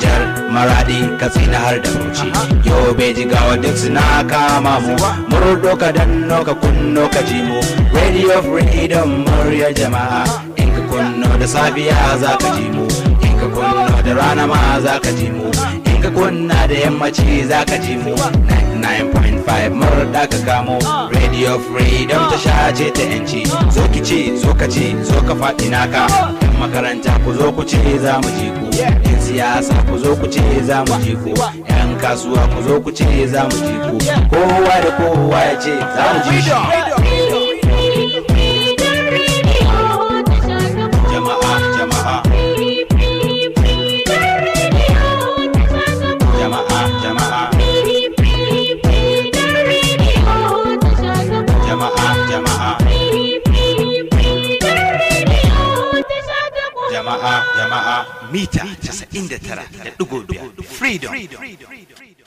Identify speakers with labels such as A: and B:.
A: Nijar Maradi Katsina har da Bauchi ji gawa duk suna kama mu Murdo ka danno ka kunno ka ji mu Radio Freedom murya jama'a in ka kunno da safiya za ka ji mu in ka kunno da rana ma za ka ji mu in ka kunna da yammaci za ka ji mu 99.5 murda ka kamo Radio Freedom ta shace ta yanci zo ki ci zo ka ci zo ka faɗi naka makaranta ku zo ku ce za mu ji ku siyasa ku zo ku ce za mu je ku yan kasuwa ku zo ku ce za mu je ku kowa da kowa ya ce za mu je shi jama'a jama'a mita 99.2 freedom